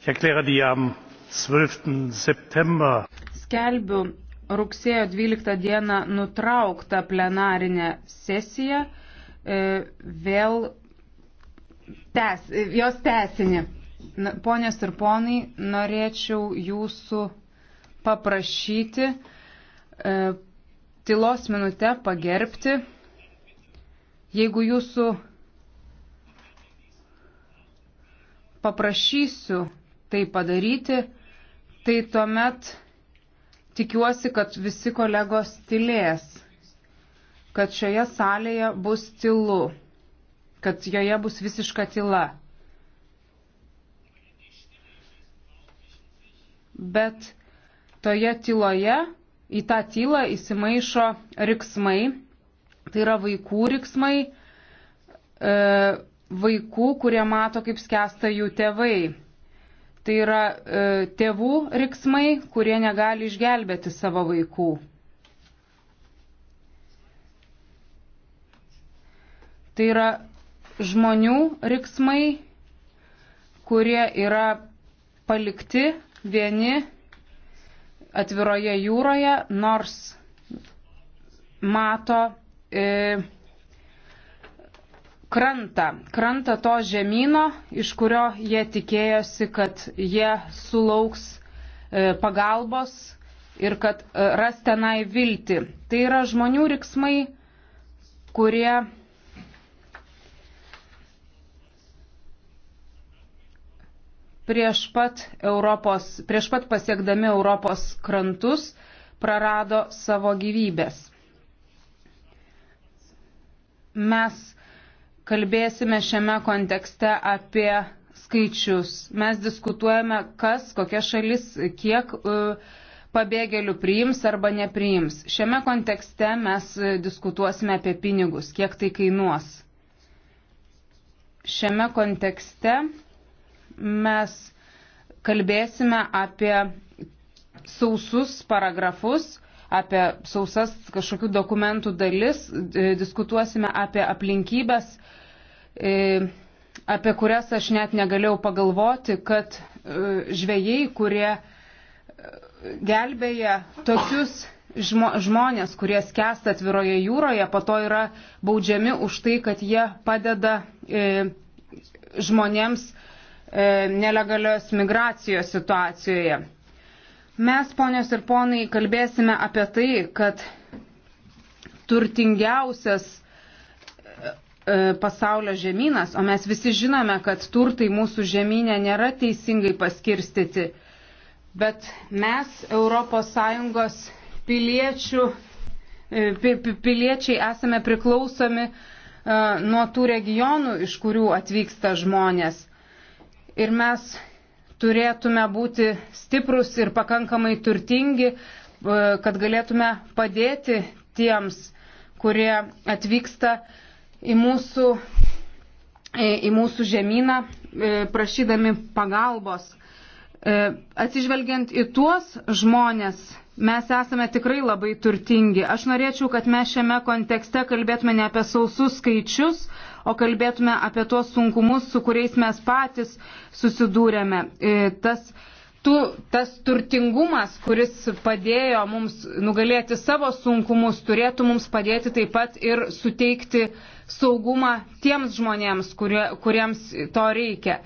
Skelbiu rugsėjo 12 dieną nutrauktą plenarinę sesiją e, vėl tęs, e, jos tęsinį. Ponės ir ponai, norėčiau jūsų paprašyti e, tylos minutę pagerbti. Jeigu jūsų paprašysiu tai padaryti, tai tuomet tikiuosi, kad visi kolegos tylės, kad šioje salėje bus tylu, kad joje bus visiška tyla. Bet toje tyloje, į tą tylą įsimaišo riksmai, tai yra vaikų riksmai, e, vaikų, kurie mato, kaip skęsta jų tėvai. Tai yra e, tėvų riksmai, kurie negali išgelbėti savo vaikų. Tai yra žmonių riksmai, kurie yra palikti vieni atviroje jūroje, nors mato e, krantą, krantą to žemynų, iš kurio jie tikėjosi, kad jie sulauks e, pagalbos ir kad e, ras tenai vilti. Tai yra žmonių riksmai, kurie prieš pat, Europos, prieš pat pasiekdami Europos krantus prarado savo gyvybės. Mes kalbėsime šiame kontekste apie skaičius. Mes diskutuojame, kas, kokia šalis, kiek e, pabėgėlių priims arba nepriims. Šiame kontekste mes diskutuosime apie pinigus, kiek tai kainuos. Šiame kontekste mes kalbėsime apie sausus paragrafus, apie sausas kažkokių dokumentų dalis, e, diskutuosime apie aplinkybės, e, apie kurias aš net negalėjau pagalvoti, kad e, žvėjai, kurie gelbėja tokius žmo, žmonės, kurie skęsta atviroje jūroje, po to yra baudžiami už tai, kad jie padeda e, žmonėms e, nelegalios migracijos situacijoje. Mes, ponios ir ponai, kalbėsime apie tai, kad turtingiausias e, e, pasaulio žemynas, o mes visi žinome, kad turtai mūsų žemynė nėra teisingai paskirstyti, bet mes ES piliečių, e, piliečiai esame priklausomi nuo tų regionų, iš kurių atvyksta žmonės. Ir mes turėtume būti stiprus ir pakankamai turtingi, e, kad galėtume padėti tiems, kurie atvyksta į mūsų, į mūsų žemyną e, prašydami pagalbos. E, atsižvelgiant į tuos žmonės, mes esame tikrai labai turtingi. Aš norėčiau, kad mes šiame kontekste kalbėtume ne apie sausus skaičius, o kalbėtume apie tuos sunkumus, su kuriais mes patys susidūrėme. E, tas, tu, tas turtingumas, kuris padėjo mums nugalėti savo sunkumus, turėtų mums padėti taip pat ir suteikti saugumą tiems žmonėms, kurie, kuriems to reikia.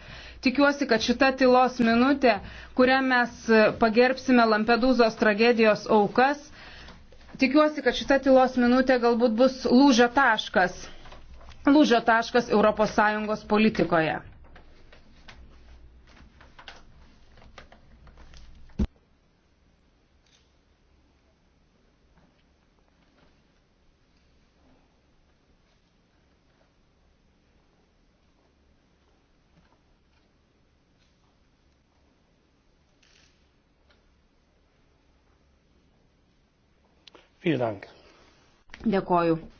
Tikiuosi, kad šita tylos minutė, kurią mes pagerbsime Lampedūzos tragedijos aukas, tikiuosi, kad šita tylos minutė galbūt bus lūžio taškas lūžio taškas ES politikoje. Vielen Dank. Dėkoju.